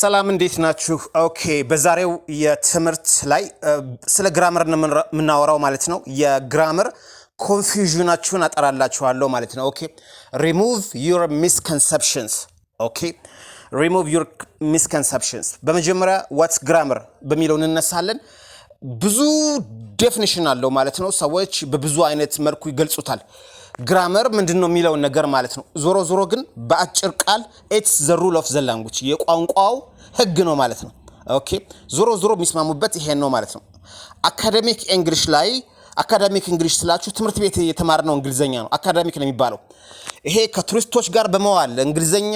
ሰላም እንዴት ናችሁ? ኦኬ በዛሬው የትምህርት ላይ ስለ ግራመር የምናወራው ማለት ነው። የግራመር ኮንፊዥናችሁን አጠራላችኋለሁ ማለት ነው። ኦኬ ሪሙቭ ዩር ሚስኮንሰፕሽንስ። ኦኬ ሪሙቭ ዩር ሚስኮንሰፕሽንስ። በመጀመሪያ ዋትስ ግራመር በሚለው እንነሳለን። ብዙ ዴፊኒሽን አለው ማለት ነው። ሰዎች በብዙ አይነት መልኩ ይገልጹታል። ግራመር ምንድን ነው የሚለውን ነገር ማለት ነው። ዞሮ ዞሮ ግን በአጭር ቃል ኢትስ ዘ ሩል ኦፍ ዘ ላንጉጅ የቋንቋው ህግ ነው ማለት ነው። ኦኬ ዞሮ ዞሮ የሚስማሙበት ይሄን ነው ማለት ነው። አካደሚክ እንግሊሽ ላይ አካዳሚክ እንግሊሽ ስላችሁ ትምህርት ቤት የተማርነው እንግሊዘኛ ነው። አካደሚክ ነው የሚባለው። ይሄ ከቱሪስቶች ጋር በመዋል እንግሊዘኛ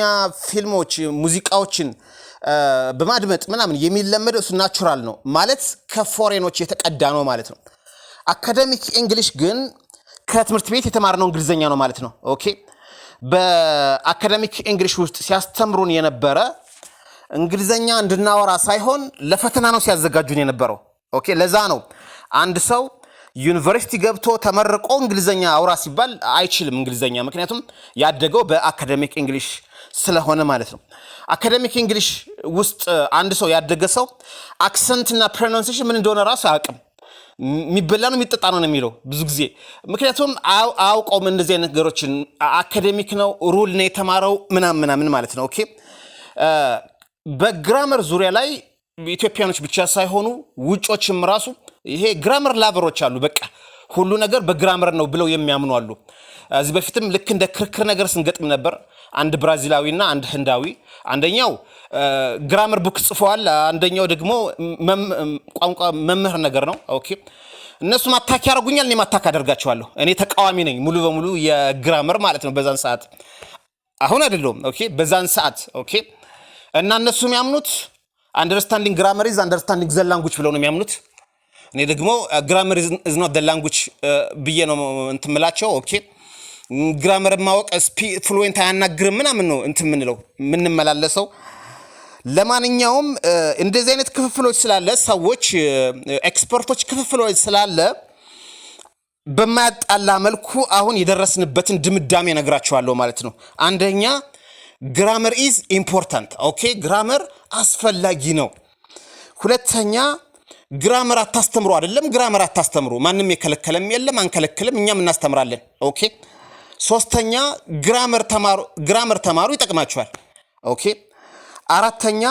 ፊልሞች፣ ሙዚቃዎችን በማድመጥ ምናምን የሚለመደው እሱ ናቹራል ነው ማለት ከፎሬኖች የተቀዳ ነው ማለት ነው። አካደሚክ እንግሊሽ ግን ከትምህርት ቤት የተማርነው እንግሊዝኛ ነው ማለት ነው። ኦኬ በአካደሚክ እንግሊሽ ውስጥ ሲያስተምሩን የነበረ እንግሊዝኛ እንድናወራ ሳይሆን ለፈተና ነው ሲያዘጋጁን የነበረው። ኦኬ ለዛ ነው አንድ ሰው ዩኒቨርሲቲ ገብቶ ተመርቆ እንግሊዝኛ አውራ ሲባል አይችልም እንግሊዝኛ ምክንያቱም ያደገው በአካደሚክ እንግሊሽ ስለሆነ ማለት ነው። አካደሚክ እንግሊሽ ውስጥ uh, አንድ ሰው ያደገ ሰው አክሰንትና ፕሮናንሴሽን ምን እንደሆነ ራሱ አያውቅም። የሚበላ ነው የሚጠጣ ነው የሚለው ብዙ ጊዜ። ምክንያቱም አያውቀውም እንደዚህ አይነት ነገሮችን። አካደሚክ ነው ሩል ነው የተማረው ምናም ምናምን ማለት ነው። ኦኬ uh, በግራመር ዙሪያ ላይ ኢትዮጵያኖች ብቻ ሳይሆኑ ውጮችም ራሱ ይሄ ግራመር ላቨሮች አሉ በቃ ሁሉ ነገር በግራመር ነው ብለው የሚያምኑ አሉ። እዚህ በፊትም ልክ እንደ ክርክር ነገር ስንገጥም ነበር። አንድ ብራዚላዊና አንድ ህንዳዊ አንደኛው ግራመር ቡክ ጽፈዋል፣ አንደኛው ደግሞ ቋንቋ መምህር ነገር ነው። ኦኬ ማታክ አታክ ያደርጉኛል፣ እኔም ማታክ አደርጋቸዋለሁ። እኔ ተቃዋሚ ነኝ ሙሉ በሙሉ የግራመር ማለት ነው በዛን ሰዓት፣ አሁን አይደለሁም። ኦኬ በዛን ሰዓት ኦኬ። እና እነሱ የሚያምኑት አንደርስታንዲንግ ግራመር ኢዝ አንደርስታንዲንግ ዘላንጉች ብለው ነው የሚያምኑት እኔ ደግሞ ግራመር ኢዝ ኖት ላንጉጅ ብዬ ነው እንትን ምላቸው። ኦኬ ግራመር ማወቅ ስፒ ፍሉዌንት አያናግርም ምናምን ነው እንትን ምንለው ምንመላለሰው። ለማንኛውም uh, እንደዚህ አይነት ክፍፍሎች ስላለ ሰዎች ኤክስፐርቶች uh, ክፍፍሎች ስላለ በማያጣላ መልኩ አሁን የደረስንበትን ድምዳሜ ነግራቸዋለሁ ማለት ነው። አንደኛ ግራመር ኢዝ ኢምፖርታንት ኦኬ፣ ግራመር አስፈላጊ ነው። ሁለተኛ ግራመር አታስተምሩ አይደለም። ግራመር አታስተምሩ ማንም የከለከለም የለም አንከለክልም፣ እኛም እናስተምራለን። ኦኬ። ሶስተኛ ግራመር ተማሩ፣ ግራመር ተማሩ ይጠቅማችኋል። ኦኬ። አራተኛ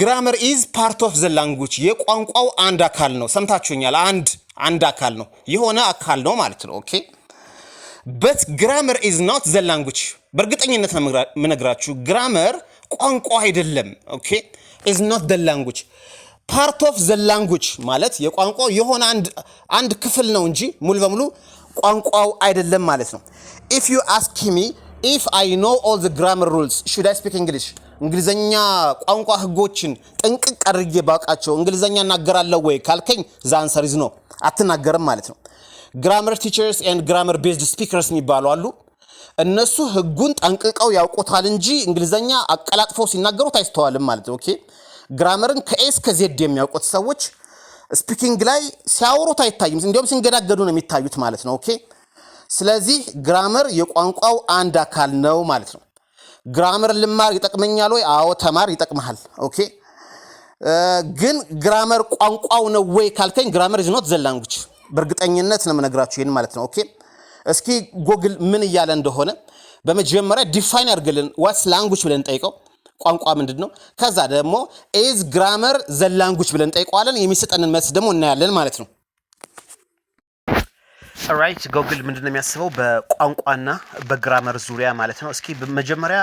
ግራመር ኢዝ ፓርት ኦፍ ዘ ላንጉጅ የቋንቋው አንድ አካል ነው። ሰምታችሁኛል። አንድ አንድ አካል ነው የሆነ አካል ነው ማለት ነው። ኦኬ በት ግራመር ኢዝ ኖት ዘ ላንጉጅ በእርግጠኝነት ነው የምነግራችሁ፣ ግራመር ቋንቋ አይደለም። ኦኬ ኢዝ ኖት ዘ ላንጉጅ ፓርት ኦፍ ዘ ላንጉጅ ማለት የቋንቋው የሆነ አንድ ክፍል ነው እንጂ ሙሉ በሙሉ ቋንቋው አይደለም ማለት ነው። ኢፍ ዩ አስክ ሚ ኢፍ አይ ኖ ኦል ዘ ግራመር ሩልስ ሹድ አይ ስፒክ እንግሊሽ እንግሊዘኛ ቋንቋ ህጎችን ጥንቅቅ አድርጌ ባውቃቸው እንግሊዘኛ እናገራለሁ ወይ ካልከኝ ዘ አንሰር ኢዝ ኖ፣ አትናገርም ማለት ነው። ግራመር ቲቸርስ ኤንድ ግራመር ቤዝድ ስፒከርስ የሚባሉ አሉ። እነሱ ህጉን ጠንቅቀው ያውቁታል እንጂ እንግሊዘኛ አቀላጥፈው ሲናገሩት አይስተዋልም ማለት ነው። ኦኬ ግራመርን ከኤስ ከዜድ የሚያውቁት ሰዎች ስፒኪንግ ላይ ሲያወሩት አይታይም፣ እንዲሁም ሲንገዳገዱ ነው የሚታዩት ማለት ነው። ኦኬ። ስለዚህ ግራመር የቋንቋው አንድ አካል ነው ማለት ነው። ግራመር ልማር ይጠቅመኛል ወይ? አዎ ተማር፣ ይጠቅመሃል። ኦኬ። ግን ግራመር ቋንቋው ነው ወይ ካልከኝ ግራመር ዝኖት ዘላንጉች በእርግጠኝነት ነው የምነግራችሁ ይህን ማለት ነው። ኦኬ። እስኪ ጎግል ምን እያለ እንደሆነ በመጀመሪያ ዲፋይን አድርግልን ዋትስ ላንጉጅ ብለን ጠይቀው። ቋንቋ ምንድን ነው? ከዛ ደግሞ ኤዝ ግራመር ዘላንጉች ብለን እንጠይቀዋለን የሚሰጠንን መልስ ደግሞ እናያለን ማለት ነው። ራይት ጎግል ምንድን ነው የሚያስበው በቋንቋና በግራመር ዙሪያ ማለት ነው። እስኪ መጀመሪያ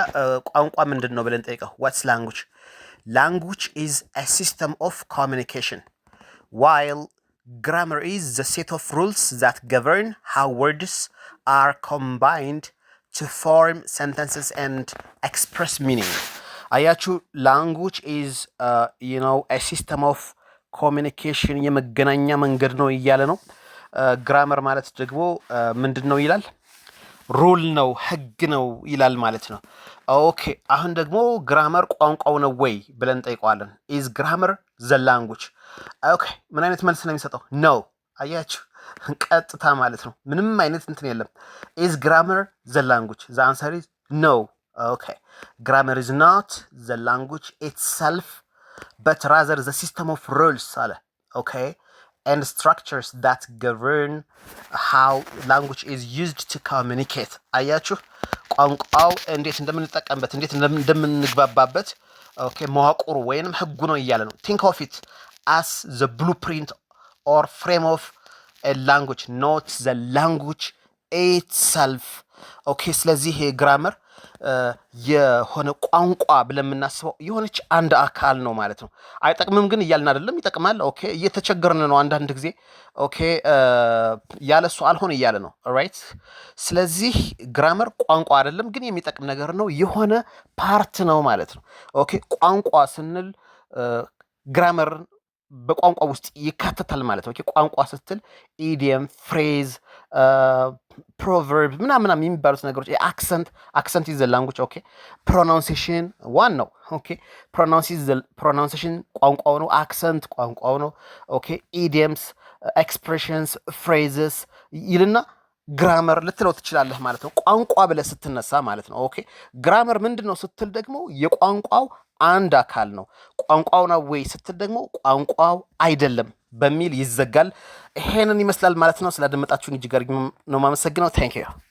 ቋንቋ ምንድን ነው ብለን ጠይቀው። ዋትስ ላንጉጅ? ላንጉጅ ኢዝ አ ሲስተም ኦፍ ኮሚኒኬሽን ዋይል ግራመር ኢዝ ዘ ሴት ኦፍ ሩልስ ዛት ገቨርን ሃው ወርድስ አር ኮምባይንድ ቱ ፎርም ሰንተንስስ ኤንድ ኤክስፕረስ ሚኒንግ አያችሁ ላንጉጅ ኢዝ ነው ሲስተም ኦፍ ኮሚኒኬሽን የመገናኛ መንገድ ነው እያለ ነው። ግራመር uh, ማለት ደግሞ uh, ምንድን ነው ይላል? ሩል ነው ህግ ነው ይላል ማለት ነው። ኦኬ አሁን ደግሞ ግራመር ቋንቋው ነው ወይ ብለን ጠይቀዋለን። ኢዝ ግራመር ዘ ላንጉጅ? ኦኬ ምን አይነት መልስ ነው የሚሰጠው? ነው አያችሁ፣ ቀጥታ ማለት ነው። ምንም አይነት እንትን የለም። ኢዝ ግራመር ዘ ላንጉጅ? ዘ አንሰር ኢዝ ነው Okay. Grammar is not the language itself, but rather the system of rules. Okay. And structures that govern how language is used to communicate. Ayachu, kwangkaw, endit ndamunitak, ambat endit ndamunigbabbat. Okay, muhakur wen, mhugguno yalano. Think of it as the blueprint or frame of a language, not the language itself. Okay, slazihe grammar. የሆነ ቋንቋ ብለን የምናስበው የሆነች አንድ አካል ነው ማለት ነው። አይጠቅምም ግን እያልን አይደለም፣ ይጠቅማል። ኦኬ እየተቸገርን ነው አንዳንድ ጊዜ። ኦኬ ያለ እሱ አልሆን እያለ ነው ራይት። ስለዚህ ግራመር ቋንቋ አይደለም፣ ግን የሚጠቅም ነገር ነው፣ የሆነ ፓርት ነው ማለት ነው። ኦኬ ቋንቋ ስንል ግራመርን በቋንቋ ውስጥ ይካተታል ማለት ነው። ቋንቋ ስትል ኢዲየም፣ ፍሬዝ፣ ፕሮቨርብ ምናምን የሚባሉት ነገሮች አክሰንት አክሰንት ይዘ ላንጉጅ ኦኬ። ፕሮናንሴሽን ዋን ነው ኦኬ። ፕሮናንሴሽን ቋንቋው ነው። አክሰንት ቋንቋው ነው። ኦኬ። ኢዲየምስ፣ ኤክስፕሬሽንስ፣ ፍሬዝስ ይልና ግራመር ልትለው ትችላለህ ማለት ነው። ቋንቋ ብለህ ስትነሳ ማለት ነው። ኦኬ ግራመር ምንድን ነው ስትል ደግሞ የቋንቋው አንድ አካል ነው። ቋንቋው ነው ወይ ስትል ደግሞ ቋንቋው አይደለም በሚል ይዘጋል። ይሄንን ይመስላል ማለት ነው። ስላደመጣችሁን እጅግ አድርጌ ነው የማመሰግነው። ዩ